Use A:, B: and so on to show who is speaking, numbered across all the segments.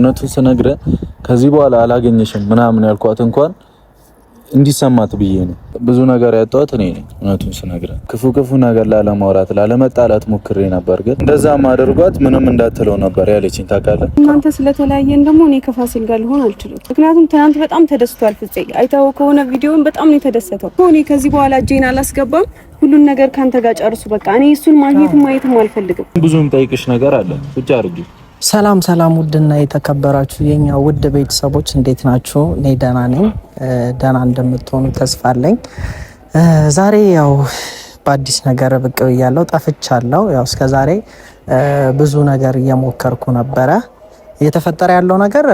A: እውነቱን ስነግርህ ከዚህ በኋላ አላገኘሽም ምናምን ያልኳት እንኳን እንዲሰማት ብዬ ነው። ብዙ ነገር ያጣሁት እኔ ነኝ። እውነቱን ስነግረ ክፉ ክፉ ነገር ላለማውራት ላለመጣላት ሞክሬ ነበር፣ ግን እንደዛም አድርጓት ምንም እንዳትለው ነበር ያለችኝ። ታውቃለህ፣
B: እናንተ ስለተለያየን ደግሞ እኔ ከፋሲል ጋር ልሆን አልችልም። ምክንያቱም ትናንት በጣም ተደስቷል ፍፄ። አይታወ ከሆነ ቪዲዮን በጣም ነው የተደሰተው። እኔ ከዚህ በኋላ እጄን አላስገባም፣ ሁሉን ነገር ከአንተ ጋር ጨርሱ። በቃ እኔ እሱን ማግኘትም ማየትም አልፈልግም።
A: ብዙም ጠይቅሽ ነገር አለ ብቻ አርጊ
C: ሰላም ሰላም፣ ውድና የተከበራችሁ የኛ ውድ ቤተሰቦች እንዴት ናችሁ? እኔ ደህና ነኝ። ደህና እንደምትሆኑ ተስፋ አለኝ። ዛሬ ያው በአዲስ ነገር ብቅ ብያለሁ። ጠፍቻለሁ። ያው እስከ ዛሬ ብዙ ነገር እየሞከርኩ ነበረ። እየተፈጠረ ያለው ነገር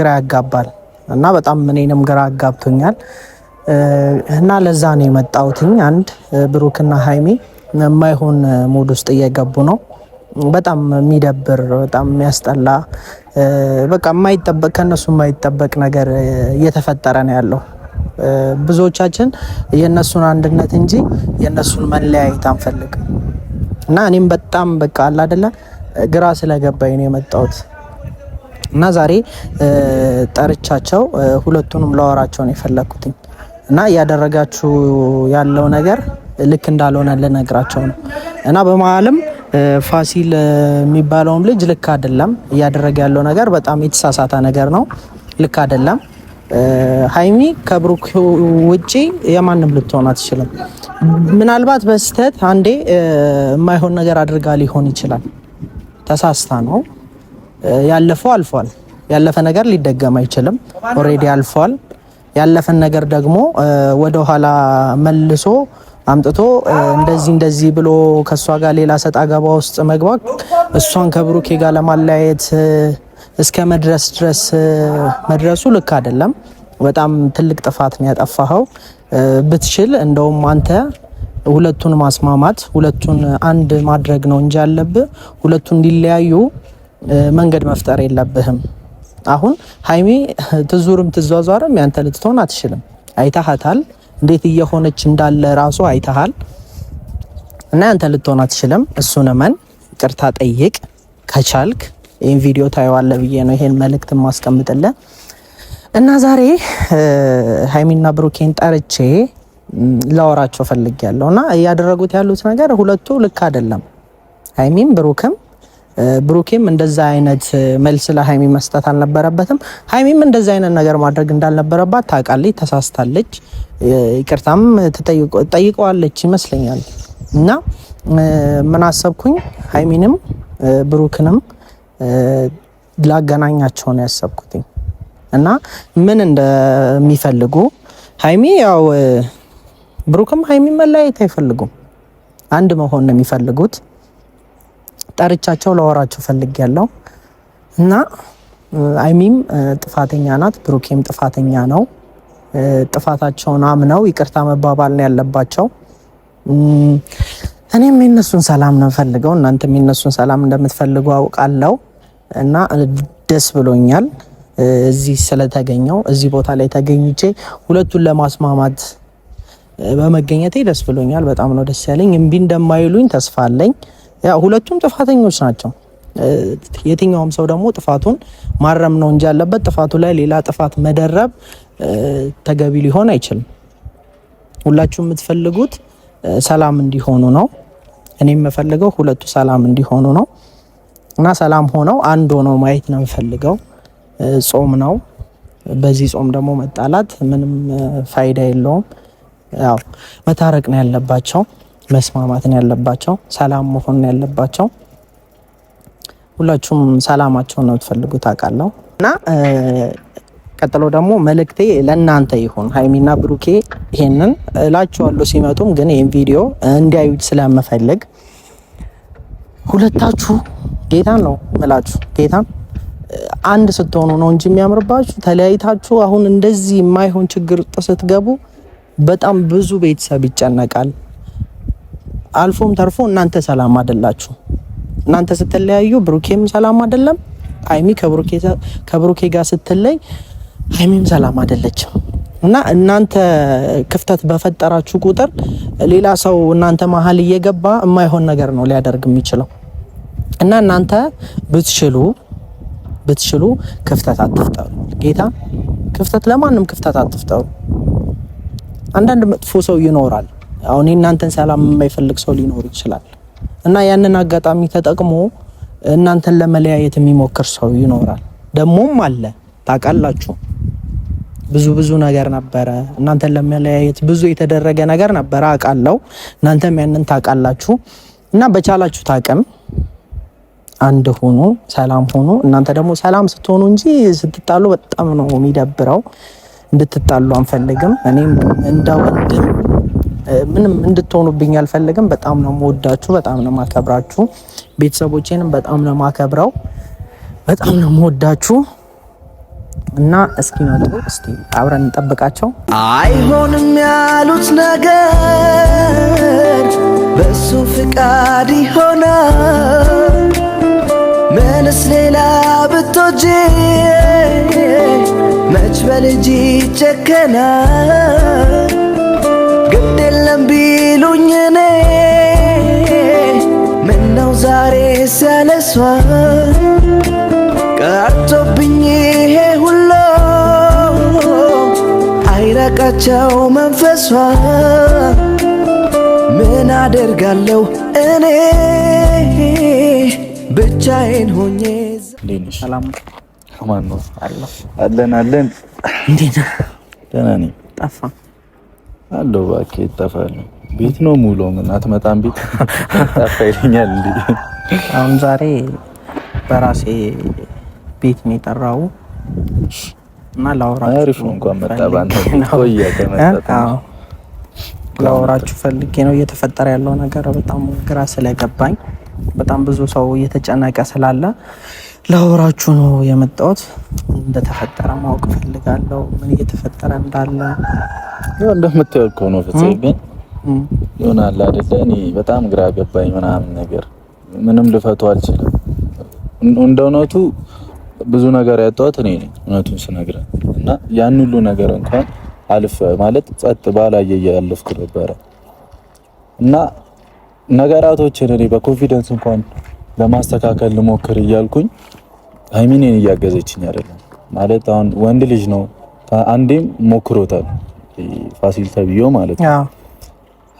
C: ግራ ያጋባል እና በጣም እኔንም ግራ ያጋብቶኛል እና ለዛ ነው የመጣሁትኝ። አንድ ብሩክና ሀይሚ የማይሆን ሙድ ውስጥ እየገቡ ነው በጣም የሚደብር በጣም የሚያስጠላ በቃ የማይጠበቅ ከእነሱ የማይጠበቅ ነገር እየተፈጠረ ነው ያለው። ብዙዎቻችን የእነሱን አንድነት እንጂ የእነሱን መለያየት አንፈልግ እና እኔም በጣም በቃ አለ አይደለ ግራ ስለገባኝ ነው የመጣሁት እና ዛሬ ጠርቻቸው ሁለቱንም ላወራቸው ነው የፈለግኩትኝ እና እያደረጋችሁ ያለው ነገር ልክ እንዳልሆነ ልነግራቸው ነው እና በመሀልም ፋሲል የሚባለውም ልጅ ልክ አይደለም እያደረገ ያለው ነገር በጣም የተሳሳተ ነገር ነው። ልክ አይደለም። ሀይሚ ከብሩክ ውጪ የማንም ልትሆን አትችልም። ምናልባት በስህተት አንዴ የማይሆን ነገር አድርጋ ሊሆን ይችላል። ተሳስታ ነው። ያለፈው አልፏል። ያለፈ ነገር ሊደገም አይችልም። ኦልሬዲ አልፏል። ያለፈን ነገር ደግሞ ወደኋላ መልሶ አምጥቶ እንደዚህ እንደዚህ ብሎ ከእሷ ጋር ሌላ ሰጣ ገባ ውስጥ መግባት እሷን ከብሩኬ ጋር ለማለያየት እስከ መድረስ ድረስ መድረሱ ልክ አይደለም። በጣም ትልቅ ጥፋት ነው ያጠፋኸው። ብትችል እንደውም አንተ ሁለቱን ማስማማት ሁለቱን አንድ ማድረግ ነው እንጂ ያለብህ ሁለቱን እንዲለያዩ መንገድ መፍጠር የለብህም። አሁን ሀይሚ ትዙርም ትዟዟርም ያንተ ልትሆን አትችልም። አይታሃታል። እንዴት እየሆነች እንዳለ ራሱ አይተሃል። እና አንተ ልትሆን አትችልም። እሱን እመን፣ ቅርታ ጠይቅ ከቻልክ። ይህን ቪዲዮ ታየዋለ ብዬ ነው ይሄን መልእክት ማስቀምጥልህ እና ዛሬ ሀይሚና ብሩኬን ጠርቼ ላወራቸው ፈልጌያለሁ እና እያደረጉት ያሉት ነገር ሁለቱ ልክ አይደለም። ሀይሚም ብሩክም ብሩኬም እንደዛ አይነት መልስ ለሀይሚ መስጠት አልነበረበትም። ሀይሚም እንደዛ አይነት ነገር ማድረግ እንዳልነበረባት ታውቃለች፣ ተሳስታለች፣ ይቅርታም ጠይቀዋለች ይመስለኛል። እና ምን አሰብኩኝ ሀይሚንም ብሩክንም ላገናኛቸው ነው ያሰብኩትኝ እና ምን እንደሚፈልጉ ሀይሚ ያው ብሩክም ሀይሚ መለያየት አይፈልጉም፣ አንድ መሆን ነው የሚፈልጉት ጠርቻቸው ለወራቸው ፈልግ ያለው እና አይሚም ጥፋተኛ ናት፣ ብሩኬም ጥፋተኛ ነው። ጥፋታቸውን አምነው ይቅርታ መባባል ነው ያለባቸው። እኔም የነሱን ሰላም ነው ፈልገው፣ እናንተም የነሱን ሰላም እንደምትፈልጉ አውቃለሁ እና ደስ ብሎኛል እዚህ ስለተገኘው እዚህ ቦታ ላይ ተገኝቼ ሁለቱን ለማስማማት በመገኘቴ ደስ ብሎኛል። በጣም ነው ደስ ያለኝ። እምቢ እንደማይሉኝ ተስፋ አለኝ። ያ ሁለቱም ጥፋተኞች ናቸው። የትኛውም ሰው ደግሞ ጥፋቱን ማረም ነው እንጂ ያለበት ጥፋቱ ላይ ሌላ ጥፋት መደረብ ተገቢ ሊሆን አይችልም። ሁላችሁም የምትፈልጉት ሰላም እንዲሆኑ ነው። እኔ የምፈልገው ሁለቱ ሰላም እንዲሆኑ ነው እና ሰላም ሆነው አንድ ሆነው ማየት ነው የምፈልገው። ጾም ነው። በዚህ ጾም ደግሞ መጣላት ምንም ፋይዳ የለውም። ያው መታረቅ ነው ያለባቸው። መስማማትን ያለባቸው፣ ሰላም መሆን ያለባቸው። ሁላችሁም ሰላማቸውን ነው የምትፈልጉት አውቃለሁ። እና ቀጥሎ ደግሞ መልእክቴ ለእናንተ ይሁን ሀይሚና ብሩኬ፣ ይሄንን እላችኋለሁ። ሲመጡም ግን ይህን ቪዲዮ እንዲያዩት ስለምፈልግ ሁለታችሁ ጌታን ነው ምላችሁ ጌታን አንድ ስትሆኑ ነው እንጂ የሚያምርባችሁ። ተለያይታችሁ አሁን እንደዚህ የማይሆን ችግር ውስጥ ስትገቡ በጣም ብዙ ቤተሰብ ይጨነቃል። አልፎም ተርፎ እናንተ ሰላም አይደላችሁ። እናንተ ስትለያዩ ብሩኬም ሰላም አይደለም። አይሚ ከብሩኬ ጋር ስትለይ አይሚም ሰላም አይደለችም። እና እናንተ ክፍተት በፈጠራችሁ ቁጥር ሌላ ሰው እናንተ መሀል እየገባ የማይሆን ነገር ነው ሊያደርግ የሚችለው። እና እናንተ ብትችሉ ብትችሉ ክፍተት አትፍጠሩ። ጌታ ክፍተት ለማንም ክፍተት አትፍጠሩ። አንዳንድ መጥፎ ሰው ይኖራል አሁን እናንተን ሰላም የማይፈልግ ሰው ሊኖር ይችላል እና ያንን አጋጣሚ ተጠቅሞ እናንተን ለመለያየት የሚሞክር ሰው ይኖራል። ደግሞም አለ ታውቃላችሁ። ብዙ ብዙ ነገር ነበረ። እናንተን ለመለያየት ብዙ የተደረገ ነገር ነበረ አውቃለሁ። እናንተም ያንን ታውቃላችሁ እና በቻላችሁ ታቅም አንድ ሆኖ ሰላም ሆኖ እናንተ ደግሞ ሰላም ስትሆኑ እንጂ ስትጣሉ በጣም ነው የሚደብረው። እንድትጣሉ አንፈልግም። እኔም እንደ ወንድም ምንም እንድትሆኑብኝ አልፈልግም። በጣም ነው መወዳችሁ፣ በጣም ነው ማከብራችሁ። ቤተሰቦቼንም በጣም ነው ማከብረው፣ በጣም ነው መወዳችሁ እና እስኪመጡ እስቲ አብረን እንጠብቃቸው።
D: አይሆንም ያሉት ነገር በሱ ፍቃድ ይሆናል። ምንስ ሌላ ብትወጂ መች በልጅ ይጨከናል። ያለሷ ቀርቶብኝ ይሄ ሁሉ አይራቃቸው መንፈሷ ምን አደርጋለሁ እኔ ብቻዬን ሆኜ።
C: ሰላም
A: አለን አለን። እንዴት ደህና ነኝ። ጠፋ አለው። እባክህ ይጠፋል። ቤት ነው ሙሉ ምን አትመጣም? ቤት ጠፋ ይለኛል እንዴ
C: አሁን ዛሬ በራሴ ቤት ነው የጠራው እና ላወራችሁ
A: እንኳን መጣ ባንተ ቆየ ከመጣ
C: ፈልጌ ነው። እየተፈጠረ ያለው ነገር በጣም ግራ ስለገባኝ በጣም ብዙ ሰው እየተጨነቀ ስላለ ላወራችሁ ነው የመጣሁት። እንደተፈጠረ ማወቅ ፈልጋለሁ፣ ምን እየተፈጠረ እንዳለ።
A: ያው እንደምታውቀው ነው ፍጽም ግን ይሆናል አይደለ? እኔ በጣም ግራ ገባኝ ምናምን ነገር ምንም ልፈቱ አልችልም። እንደ እውነቱ ብዙ ነገር ያጣሁት እኔ ነኝ፣ እውነቱን ስነግረ እና ያን ሁሉ ነገር እንኳን አልፈ ማለት ጸጥ ባላየ ያለፍኩ ነበረ እና ነገራቶችን እኔ በኮንፊደንስ እንኳን ለማስተካከል ልሞክር እያልኩኝ አይሚኔን እያገዘችኝ አይደለም። ማለት አሁን ወንድ ልጅ ነው፣ አንዴም ሞክሮታል ፋሲል ተብዬው ማለት ነው።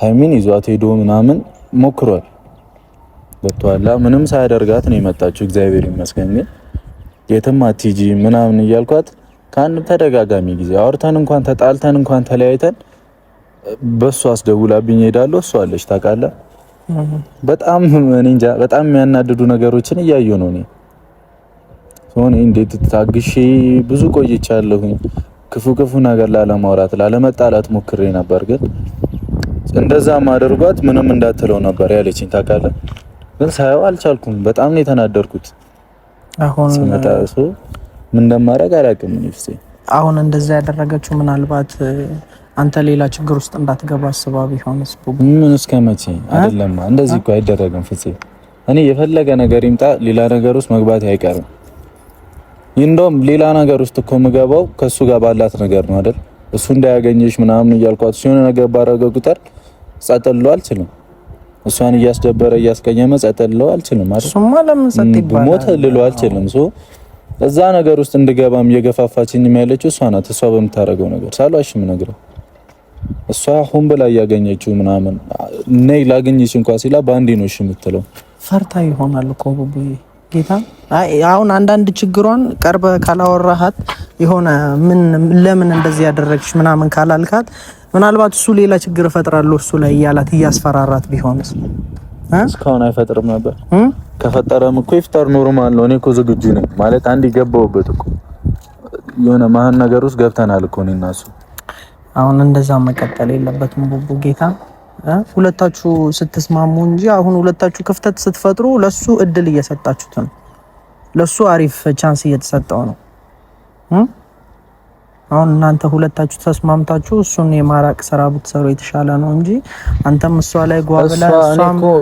A: ሀይሚን ይዟት ሄዶ ምናምን ሞክሯል ገብቶሃል። ምንም ሳያደርጋት ነው የመጣችው። እግዚአብሔር ይመስገን። ግን የትም አትሂጂ ምናምን እያልኳት ከአንድ ተደጋጋሚ ጊዜ አውርተን እንኳን ተጣልተን እንኳን ተለያይተን በሱ አስደውላብኝ ሄዳለሁ። እሷ አለች ታውቃለህ። በጣም እኔ እንጃ፣ በጣም የሚያናድዱ ነገሮችን እያየሁ ነው እኔ ሆነ እንዴት ታግሼ ብዙ ቆይቻለሁኝ። ክፉ ክፉ ነገር ላለማውራት ላለመጣላት ሞክሬ ነበር፣ ግን እንደዛ ማድርጓት ምንም እንዳትለው ነበር ያለችኝ ታውቃለህ። ግን ሳየው አልቻልኩም። በጣም ነው የተናደርኩት። አሁን ስመጣ እሱ ምን እንደማደርግ አላውቅም። ንፍሴ
C: አሁን እንደዛ ያደረገችው ምናልባት አንተ ሌላ ችግር ውስጥ እንዳትገባ አስባ ቢሆንስ?
A: ምን እስከ መቼ አይደለም። እንደዚህ እኮ አይደረግም ፍፄ። እኔ የፈለገ ነገር ይምጣ ሌላ ነገር ውስጥ መግባት አይቀርም። እንደውም ሌላ ነገር ውስጥ እኮ የምገባው ከሱ ጋር ባላት ነገር ነው አይደል? እሱ እንዳያገኘሽ ምናምን እያልኳት ሲሆን ነገር ባረገ ቁጥር ጸጥ አልችልም እሷን እያስደበረ እያስቀየመ ጸጥ ልለው አልችልም
C: አይደል? እሱማ ለምን ጸጥ
A: ይባላል? ሞተ ልለው አልችልም። ሶ እዛ ነገር ውስጥ እንድገባም እየገፋፋችኝ ያለችው እሷ ናት። እሷ በምታደርገው ነገር ሳሏሽም ነግረው እሷ ሆን ብላ እያገኘችው ምናምን ነይ ላገኘሽ እንኳን ሲላ በአንዴ ነው እሺ የምትለው።
C: ፈርታ ይሆናል እኮ ቡቡዬ ጌታ አሁን አንዳንድ ችግሯን ቀርበ ካላወራሃት የሆነ ምን ለምን እንደዚህ ያደረግሽ ምናምን ካላልካት ምናልባት እሱ ሌላ ችግር እፈጥራለሁ እሱ ላይ እያላት እያስፈራራት ቢሆንስ?
A: እስካሁን አይፈጥርም ነበር። ከፈጠረም እኮ ይፍጠር፣ ኖርማል ነው። እኔ እኮ ዝግጁ ነኝ ማለት አንድ ይገባውበት እኮ የሆነ ማህን ነገር ውስጥ ገብተናል እኮ እኔ እና እሱ።
C: አሁን እንደዛ መቀጠል የለበትም ቡቡ ጌታ ሁለታችሁ ስትስማሙ እንጂ አሁን ሁለታችሁ ክፍተት ስትፈጥሩ ለሱ እድል እየሰጣችሁት ነው። ለሱ አሪፍ ቻንስ እየተሰጠው ነው። አሁን እናንተ ሁለታችሁ ተስማምታችሁ እሱን የማራቅ ስራ ብትሰሩ የተሻለ ነው እንጂ አንተም እሷ ላይ
A: ጓብላ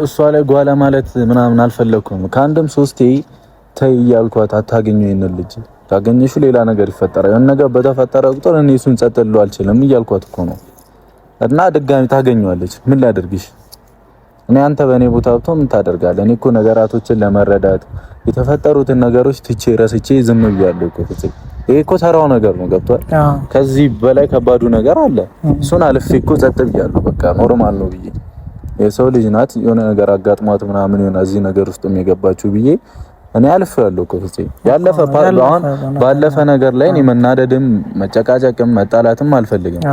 A: እሷ ላይ ጓላ ማለት ምናምን አልፈለኩም። ከአንድም ሶስቴ ተይ እያልኳት አታገኙ ይሄንን ልጅ ታገኘሹ ሌላ ነገር ይፈጠራል። ያን ነገር በተፈጠረ ቁጥር እኔ እሱን ጸጥ ልለው አልችልም እያልኳት እኮ ነው እና ድጋሚ ታገኘዋለች። ምን ላደርግሽ እኔ አንተ በእኔ ቦታ ብቶ ምን ታደርጋለህ? እኔ እኮ ነገራቶችን ለመረዳት የተፈጠሩትን ነገሮች ትቼ ረስቼ ዝም ብያለሁ እኮ ፍፄ። ይሄ እኮ ተራው ነገር ነው ገብቷል። ከዚህ በላይ ከባዱ ነገር አለ። እሱን አልፌ እኮ ጸጥ ብያለሁ። በቃ ኖርማል ነው ብዬ የሰው ልጅ ናት የሆነ ነገር አጋጥሟት ምናምን የሆነ እዚህ ነገር ውስጥ የገባችው ብዬ እኔ አልፌያለሁ እኮ ፍፄ። ያለፈ ባለፈ ነገር ላይ እኔ መናደድም መጨቃጨቅም መጣላትም አልፈልግም።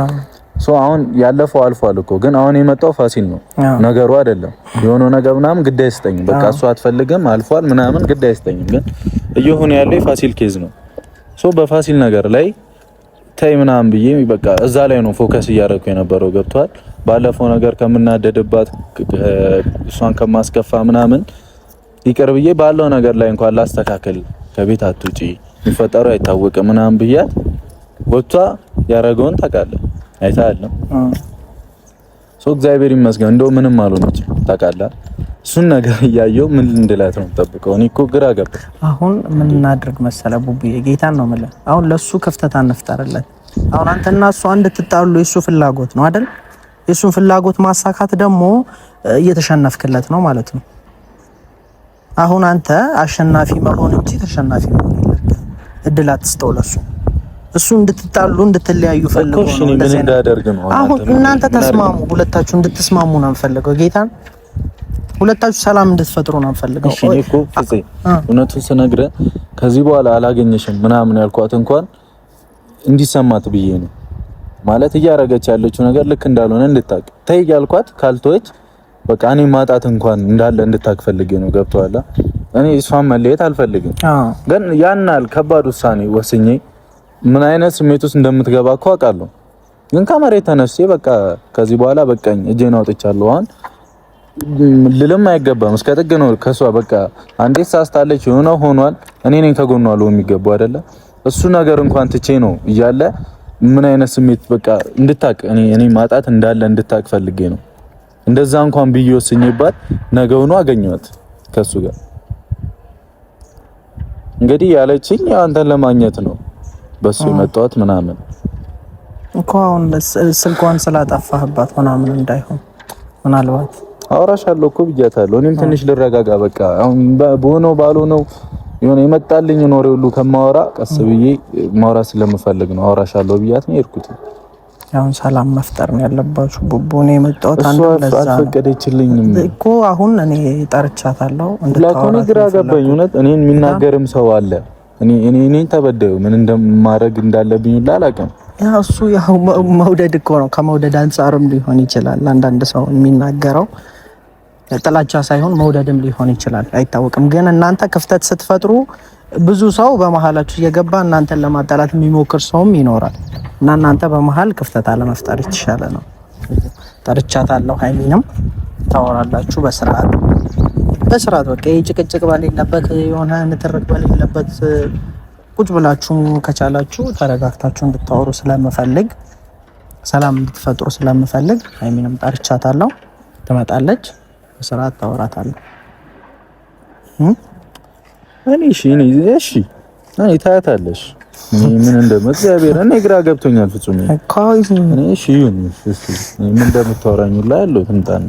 A: ሶ አሁን ያለፈው አልፏል እኮ ግን አሁን የመጣው ፋሲል ነው ነገሩ አይደለም። የሆነው ነገር ምናምን ግድ አይሰጠኝም። በቃ እሱ አትፈልግም አልፏል ምናምን ግድ አይሰጠኝም። ግን እየሆነ ያለው የፋሲል ኬዝ ነው። ሶ በፋሲል ነገር ላይ ተይ ምናምን ብዬ በቃ እዛ ላይ ነው ፎከስ እያደረኩ የነበረው ገብቷል። ባለፈው ነገር ከምናደድባት እሷን ከማስከፋ ምናምን ይቅር ብዬ ባለው ነገር ላይ እንኳን ላስተካከል፣ ከቤት አትውጪ፣ የሚፈጠሩ አይታወቅም ምናምን ብያት ወጥቷ ያደረገውን ታውቃለህ አይተሃል ነው ሶ እግዚአብሔር ይመስገን እንደው ምንም አልሆነች ታውቃለህ እሱን ነገር እያየሁ ምን እንድላት ነው የምጠብቀው እኔ እኮ ግራ ገባ
C: አሁን ምን እናድርግ መሰለ ቡቡዬ ጌታን ነው የምልህ አሁን ለሱ ክፍተት አንፍጠርለት አሁን አንተና እሱ አንድ ትጣሉ፣ የሱ ፍላጎት ነው አይደል የሱን ፍላጎት ማሳካት ደግሞ እየተሸነፍክለት ነው ማለት ነው አሁን አንተ አሸናፊ መሆን እንጂ ተሸናፊ መሆን የለብህም እድል አትስጠው ለሱ እሱ እንድትጣሉ እንድትለያዩ ፈልገው ነው። አሁን እናንተ ተስማሙ፣ ሁለታችሁ እንድትስማሙ ነው የምፈልገው። ጌታን ሁለታችሁ ሰላም እንድትፈጥሩ ነው የምፈልገው።
A: እሺ እኮ ፍፄ፣ እውነቱን ስነግርህ ከዚህ በኋላ አላገኘሽም ምናምን ያልኳት እንኳን እንዲሰማት ብዬ ነው ማለት እያረገች ያለችው ነገር ልክ እንዳልሆነ እንድታቅ ተይ ያልኳት ካልተወች በቃ እኔ ማጣት እንኳን እንዳለ እንድታቅ ፈልጌ ነው። ገብቶሃል? እኔ እሷን መለየት አልፈልግም፣ ግን ያናል ያህል ከባድ ውሳኔ ወስኜ ምን አይነት ስሜት ውስጥ እንደምትገባ እኮ አውቃለሁ። ግን ከመሬት ተነስቼ በቃ ከዚህ በኋላ በቃኝ እጄን አውጥቻለሁ አሁን ልልም አይገባም። እስከ ጥግ ነው ከሷ በቃ አንዴ ሳስታለች የሆነ ሆኗል። እኔ ነኝ ከጎኗ አለው የሚገባው አይደለ? እሱ ነገር እንኳን ትቼ ነው እያለ ምን አይነት ስሜት በቃ እንድታቅ እኔ እኔ ማጣት እንዳለ እንድታቅ ፈልጌ ነው። እንደዛ እንኳን ብዬ ወስኜባት ነገውኑ አገኘኋት ከሱ ጋር እንግዲህ ያለችኝ አንተን ለማግኘት ነው በሱ የመጣሁት ምናምን
C: እኮ አሁን ስልኳን ስላጠፋህባት ምናምን እንዳይሆን ምናልባት
A: አውራሻለሁ እኮ ብያታለሁ። እኔም ትንሽ ልረጋጋ በቃ አሁን በሆነው ባልሆነው የሆነ የመጣልኝ ኖሬ ሁሉ ከማወራ ቀስ ብዬ ማውራ ስለምፈልግ ነው አውራሻለሁ ብያት ነው የሄድኩት።
C: ያሁን ሰላም መፍጠር ነው ያለባችሁ። ቡቡ ነው የመጣሁት።
A: አንድ ለዛ አልፈቀደችልኝም
C: እኮ አሁን እኔ ጠርቻታለሁ።
A: እንድታወራ ግራ ገባኝ። እውነት እኔን የሚናገርም ሰው አለ እኔ እኔ ተበደዩ ምን እንደማድረግ እንዳለብኝ ሁላ አላውቅም።
C: ያ እሱ ያው መውደድ እኮ ነው። ከመውደድ አንጻርም ሊሆን ይችላል አንዳንድ ሰው የሚናገረው ጥላቻ ሳይሆን መውደድም ሊሆን ይችላል፣ አይታወቅም። ግን እናንተ ክፍተት ስትፈጥሩ ብዙ ሰው በመሀላችሁ እየገባ እናንተን ለማጣላት የሚሞክር ሰውም ይኖራል እና እናንተ በመሀል ክፍተት አለመፍጠር የተሻለ ነው። ጠርቻታለሁ ሀይሚንም ታወራላችሁ በስርዓት በስርዓት በቃ ይህ ጭቅጭቅ በሌለበት የሆነ ንትርክ በሌለበት ቁጭ ብላችሁ ከቻላችሁ ተረጋግታችሁ እንድታወሩ ስለምፈልግ ሰላም እንድትፈጥሩ ስለምፈልግ ሀይሚንም ጠርቻታለሁ። ትመጣለች፣ በስርዓት ታወራታለሁ።
A: እኔ እሺ እኔ እሺ እኔ ታያታለሽ። ምን እንደም እግዚአብሔር እኔ ግራ ገብቶኛል። ፍጹም እኔ እሺ ምን እንደምታወራኝ ላይ ያለው ትምጣና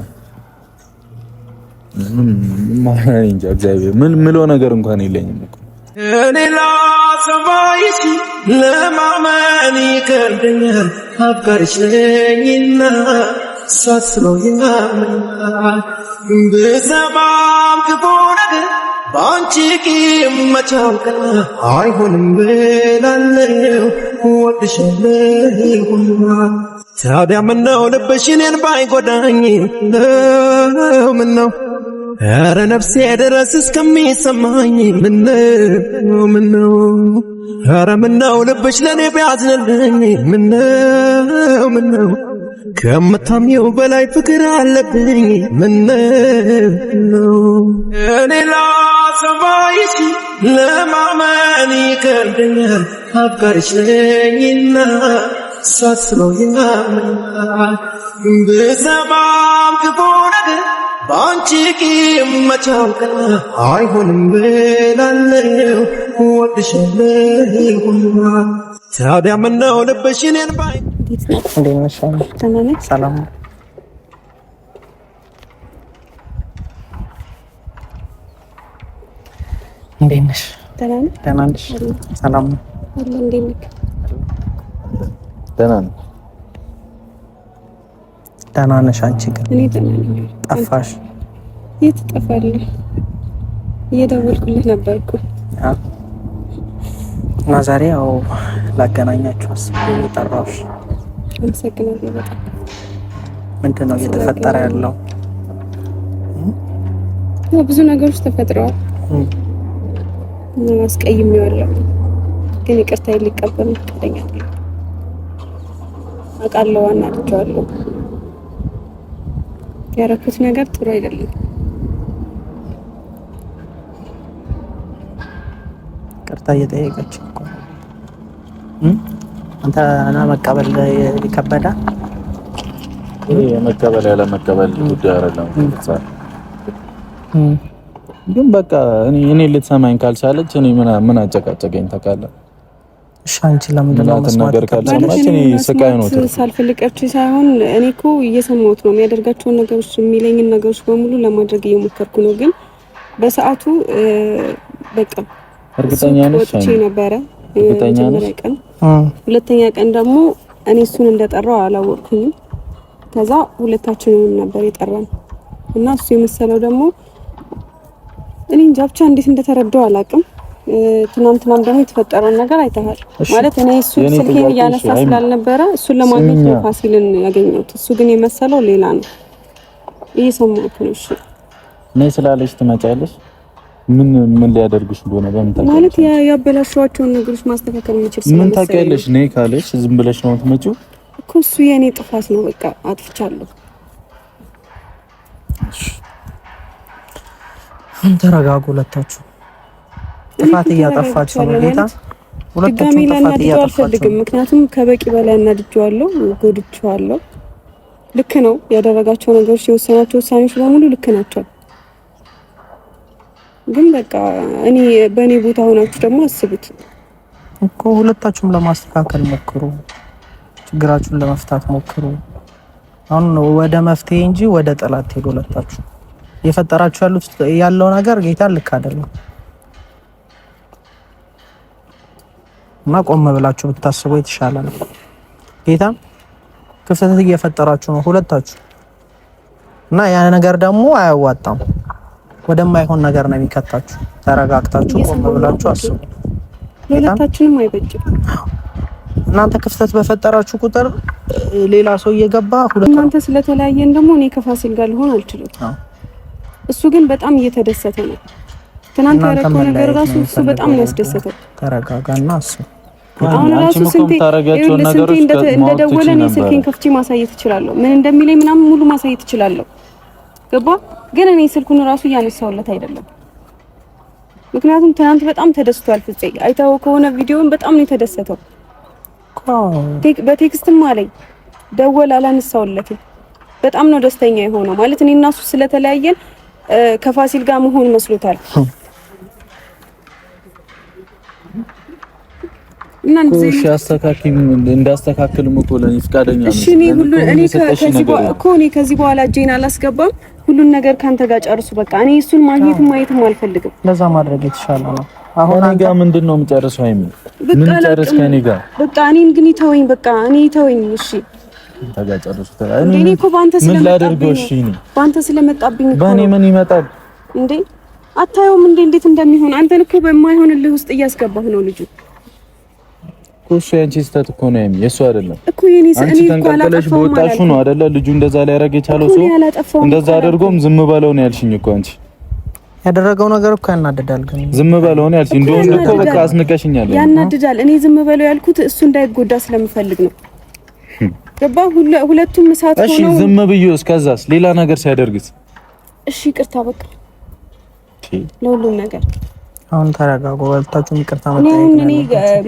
A: እንጃ እግዚአብሔር ምን ምለው ነገር እንኳን የለኝም
D: ሌላ ሰባይሽ ለማመን ይከብደኛል። አጋሽ ነኝና ሳስበው ያመኛል። ብሰማም ክፉ ነገር በአንቺ ቂም አይሆንም ወድሻለሁ ታዲያ ምነው ልብሽ እኔን ባይጎዳኝ ነው ምነው ኧረ ነፍሴ ድረስ እስከሚሰማኝ ምነው ምነው ኧረ ምነው ልብሽ ለኔ ቢያዝንልኝ ምነው ምነው ከምታምኘው በላይ ፍቅር አለብኝ ምነው እኔ ላሰማይሽ ለማመን ይከብደኛል አጋሽ ነኝና ሳስበው ያመኛል ብሰማም ክፉ በአንቺ ቂም መቼ አውቃ አይሆንም ብላለሁ ወድሻለሁ ሁላ ታዲያ ምነው ልብሽ እኔን ባይ
A: እንዴት ነሽ? ሰላም
C: እንዴት ነሽ?
B: ደህና
A: ነሽ? ሰላም ደህና ነው።
C: ደህና ነሽ? አንቺ ግን
B: እኔ ደህና ነኝ። ጠፋሽ? የት ትጠፋለህ? እየደወልኩልህ ነበርኩ።
C: እና ዛሬ ያው ላገናኛችሁ አስቤ የጠራሁሽ።
B: አመሰግናለሁ በጣም።
C: ምንድን ነው እየተፈጠረ ያለው?
B: ብዙ ነገሮች ተፈጥረዋል። አስቀይሜዋለሁ፣ ግን ይቅርታ ሊቀበል ፈቃደኛ አውቃለሁ። ዋና ልቸዋለሁ ያረኩት ነገር ጥሩ አይደለም።
C: ቅርታ እየጠየቀች እኮ አንተ ና መቀበል የከበዳ
A: የመቀበል ያለ መቀበል ጉዳይ አይደለም። ግን በቃ እኔ ልትሰማኝ ካልቻለች እኔ ምን አጨቃጨቀኝ ታውቃለህ?
C: ሻንቺ ለምንድነው
A: ነገር
B: ሳልፈልጋችሁ ሳይሆን እኔ እኮ እየሰማሁት ነው የሚያደርጋቸውን ነገሮች የሚለኝን ነገሮች በሙሉ ለማድረግ እየሞከርኩ ነው። ግን በሰዓቱ በቃ
A: እርግጠኛ ነሽ ነበረ ቀን።
B: ሁለተኛ ቀን ደግሞ እኔ እሱን እንደጠራው አላወቅኩኝም። ከዛ ሁለታችንንም ነበር የጠራን እና እሱ የመሰለው ደግሞ እኔ እንጃ ብቻ እንዴት እንደተረዳው አላውቅም። ትናንትናም ደግሞ የተፈጠረውን ነገር አይተሃል። ማለት እኔ እሱ ስልኬን እያነሳ ስላልነበረ እሱን ለማግኘት ነው ፋሲልን ያገኘሁት። እሱ ግን የመሰለው ሌላ ነው። እየሰማሁት ነው። እሺ
A: እኔ ስላለሽ ትመጫለች ምን ምን ሊያደርግሽ እንደሆነ በምን
B: ታውቂያለሽ? ማለት ያበላሸዋቸውን ነገሮች ማስተካከል
A: የሚችል ስለሆነ ምን ታውቂያለሽ? እኔ ካለሽ ዝም ብለሽ ነው የምትመጪው
B: እኮ። እሱ የእኔ ጥፋት ነው። በቃ አጥፍቻለሁ።
C: ተረጋጉ ሁለታችሁ ጥፋት እያጠፋችሁ ነው ጌታ ድጋሜ ላናድደው
B: አልፈልግም። ምክንያቱም ከበቂ በላይ እናድጀዋለሁ፣ ጎድቼዋለሁ። ልክ ነው ያደረጋቸው ነገሮች፣ የወሰናቸው ውሳኔዎች በሙሉ ልክ ናቸው። ግን በቃ እኔ በእኔ ቦታ ሆናችሁ ደግሞ አስቡት
C: እኮ ሁለታችሁም ለማስተካከል ሞክሩ፣ ችግራችሁን ለመፍታት ሞክሩ። አሁን ወደ መፍትሄ እንጂ ወደ ጥላት ሄዱ። ሁለታችሁ የፈጠራችሁ ያለው ነገር ጌታ ልክ አይደለም። እና ቆም ብላችሁ ብታስቡ የተሻለ ነው። ጌታ ክፍተት እየፈጠራችሁ ነው ሁለታችሁ እና ያ ነገር ደግሞ አያዋጣም፣ ወደማይሆን ነገር ነው የሚከታችሁ። ተረጋግታችሁ ቆም ብላችሁ አስቡ።
B: ለሁለታችንም አይበጭም።
C: እናንተ ክፍተት በፈጠራችሁ ቁጥር ሌላ ሰው እየገባ
B: እናንተ ስለተለያየን ደግሞ እኔ ከፋሲል ጋር ልሆን አልችልም። እሱ ግን በጣም እየተደሰተ ነው። ትናንት ያረከው ነገር ራሱ እሱ በጣም ነው ያስደሰተው።
C: ተረጋጋና አስቡ።
B: አሁን ራሱ ስንቴ እንደደወለ እኔ ስልኬን ከፍቼ ማሳየት እችላለሁ፣ ምን እንደሚለኝ ምናምን ሙሉ ማሳየት እችላለሁ። ገባ? ግን እኔ ስልኩን ራሱ እያነሳውለት አይደለም። ምክንያቱም ትናንት በጣም ተደስቷል። ፍጼ አይታው ከሆነ ቪዲዮን በጣም ነው የተደሰተው። በቴክስትም አለኝ ደወል አላነሳውለት በጣም ነው ደስተኛ የሆነው ማለት እኔ እና እሱ ስለተለያየን ከፋሲል ጋር መሆን መስሎታል።
A: እንዳስተካክልም እኮ ለእኔ ፈቃደኛ
B: እኔ ከዚህ በኋላ እጄን አላስገባም። ሁሉን ነገር ከአንተ ጋር ጨርሱ። በቃ እኔ እሱን ማግኘትም ማየትም አልፈልግም።
C: ለዛ ማድረግ የተሻለ ነው።
A: አሁን እኔ ጋር ምንድን ነው የምጨርሰው? አይሚ ምን ጨርስ ከእኔ ጋር
B: በቃ እኔን ግን ተወኝ። በቃ እኔ ተወኝ። እሺ በአንተ ስለመጣብኝ
A: በእኔ ምን ይመጣል
B: እንዴ? አታየውም እንዴ እንዴት እንደሚሆን አንተን እኮ በማይሆንልህ ውስጥ እያስገባህ ነው ልጁ
A: እኮ እሱ የአንቺ ስህተት እኮ ነው የሱ አይደለም እኮ የኔ አንቺ ተንቀጠለሽ በወጣሽው ነው አይደለ? ልጁ እንደዛ ላይ ያደረገ የቻለው ሰው እንደዛ አድርጎም ዝም በለው ነው ያልሽኝ እኮ አንቺ።
C: ያደረገው ነገር እኮ ያናድዳል፣ ግን
A: ዝም በለው ነው ያልሽኝ። እንደውም እኮ በቃ አስንቀሽኛል።
B: ያናድዳል። እኔ ዝም በለው ያልኩት እሱ እንዳይጎዳ ስለምፈልግ ነው። ገባ? ሁለቱም እሳት
A: ሆነው። እሺ ዝም ብዬው እስከዛስ ሌላ ነገር ሲያደርግስ?
B: እሺ ይቅርታ፣ በቃ ለሁሉም ነገር
C: አሁን ተረጋጉ። ወልታችሁን ይቅርታ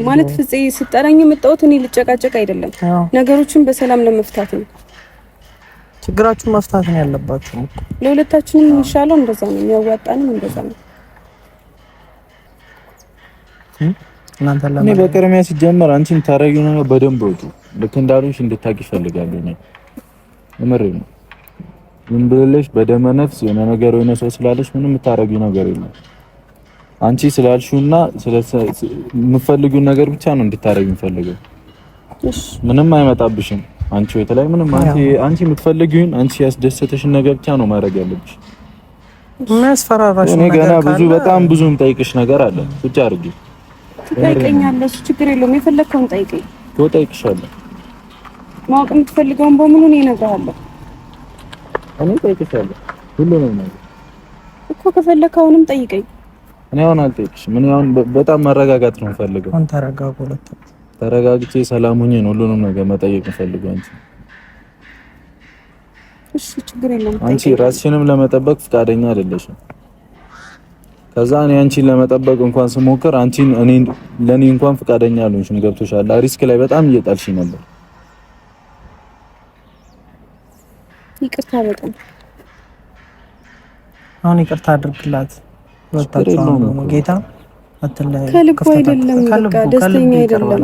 B: ማለት ፍፄ ስጠራኝ የመጣሁት እኔ ልጨቃጨቅ አይደለም፣ ነገሮችን በሰላም ለመፍታት ነው።
C: ችግራችሁን መፍታት ነው ያለባችሁ።
B: ለሁለታችንም የሚሻለው እንደዛ ነው፣ የሚያዋጣንም እንደዛ ነው።
A: እኔ በቅድሚያ ሲጀመር አንቺን ታረጊው ነገር በደንብ ወጡ ልክ እንዳሉሽ እንድታቂ ይፈልጋሉ። ምር ነው ዝም ብለሽ በደመ ነፍስ የሆነ ነገር የሆነ ሰው ስላለሽ ምንም የምታረጊው ነገር የለም። አንቺ ስላልሽውና የምትፈልጊውን ነገር ብቻ ነው እንድታረግ የምፈልገው። ምንም አይመጣብሽም። አንቺ ወይ ተላይ ምንም አንቺ አንቺ የምትፈልጊውን አንቺ ያስደሰተሽን ነገር ብቻ ነው ማድረግ ያለብሽ።
C: የሚያስፈራራሽ
A: ነገር ገና ብዙ በጣም ብዙ የምጠይቅሽ ነገር አለ። ብቻ አድርጊ።
B: ትጠይቀኛለሽ፣ ችግር የለውም። የፈለግከውን ጠይቀኝ።
A: ትጠይቅሻለሁ።
B: ማወቅ የምትፈልገውን በሙሉ እኔ እነግርሃለሁ።
A: እኔ እጠይቅሻለሁ ሁሉንም ነገር
B: እኮ ከፈለግከውንም ጠይቀኝ።
A: እኔ አሁን አልጠይቅሽም። እኔ አሁን በጣም መረጋጋት ነው የምፈልገው።
C: አሁን ተረጋጉ።
A: ተረጋግቼ ሰላም ሆኜ ነው ሁሉንም ነገር መጠየቅ የምፈልገው አንቺ።
B: እሺ፣ ችግር የለም።
A: አንቺ ራስሽንም ለመጠበቅ ፍቃደኛ አይደለሽም። ከዛ እኔ አንቺን ለመጠበቅ እንኳን ስሞክር አንቺን እኔ ለኔ እንኳን ፍቃደኛ አልሆንሽም። ገብቶሻል? ሪስክ ላይ በጣም እየጣልሽ ነበር።
B: ይቅርታ በጣም
C: አሁን ይቅርታ አድርግላት ጌታ ከልቡ አይደለም፣ በቃ ደስተኛ አይደለም።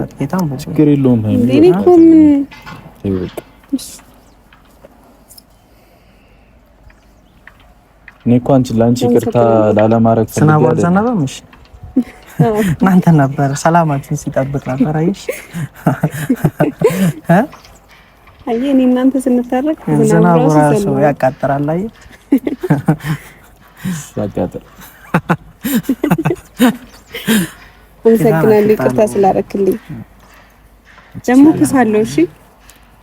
A: ችግር የለውም። እኔ እኮ አንቺን ለአንቺ ይቅርታ ላለማድረግ
C: ዝናብ አልዘነበም። እሺ እናንተ ነበር ሰላማችን ሲጠብቅ ነበር። አየሽ
B: አየ እኔ እናንተ ስንታረቅ
C: ዝናብ ራሱ ያቃጥራል። አየ
A: ያቃጥራል
B: አመሰግናለሁ። ይቅርታ ስላደረክልኝ። ደግሞ ክሳለሁ። እሺ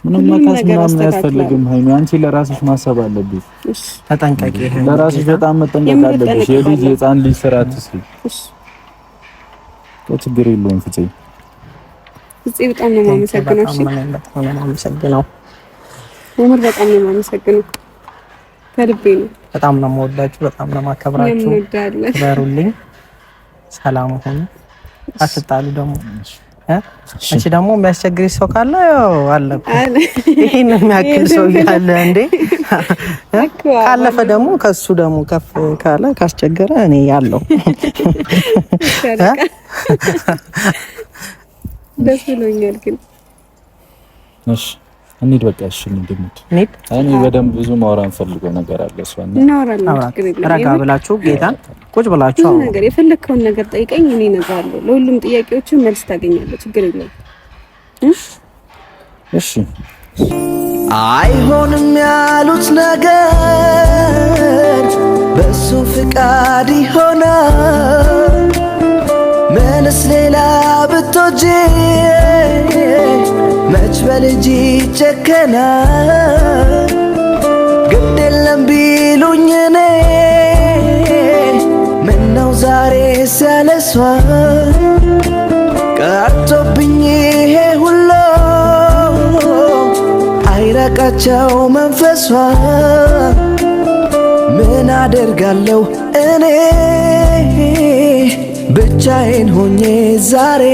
A: ምንም መካስ ምናምን አያስፈልግም። ሀይሚ አንቺ ለራስሽ ማሰብ አለብሽ። ተጠንቀቂ፣ ለራስሽ በጣም መጠንቀቅ አለብሽ። የልጅ የህፃን ልጅ ስራ አትስሪ። ችግር የለውም ፍፄ።
B: ፍፄ በጣም ነው የማመሰግነው።
C: እሺ በጣም ነው የማመሰግነው።
B: የምር በጣም ነው የማመሰግነው። ከልቤ ነው።
C: በጣም ነው የምወዳችሁ፣ በጣም ነው የማከብራችሁ። በሩልኝ፣ ሰላም ሆኑ፣ አትጣሉ። ደግሞ እሺ፣ ደግሞ የሚያስቸግር ሰው ካለ ያው አለ እኮ ይሄን የሚያክል ሰው ያለ እንዴ። ካለፈ ደግሞ ከሱ ደግሞ ከፍ ካለ ካስቸገረ እኔ ያለው
B: ደስ ብሎኛል ግን
A: እንሂድ በቃ። እሺ እንሂድ። እኔ በደንብ ብዙ ማውራት ፈልገው ነገር አለ። እሷ
B: እናወራለን።
C: ረጋ ብላችሁ ጌታ ቁጭ ብላችሁ
B: ብዙ ነገር የፈለግከውን ነገር ጠይቀኝ፣ እኔ እነግርሃለሁ። ለሁሉም ጥያቄዎችን መልስ ታገኛለህ። ችግር የለም።
A: እሺ። አይሆንም ያሉት ነገር በሱ ፍቃድ ይሆናል። መልስ ሌላ ብትወጂ በልጅ ይጨከናል። ግድ የለም ቢሉኝ እኔ ምነው ዛሬ ሲያለሷ ቀርቶብኝ ይሄ ሁሉ አይራቃቸው መንፈሷ ምን አደርጋለሁ እኔ ብቻዬን ሆኜ ዛሬ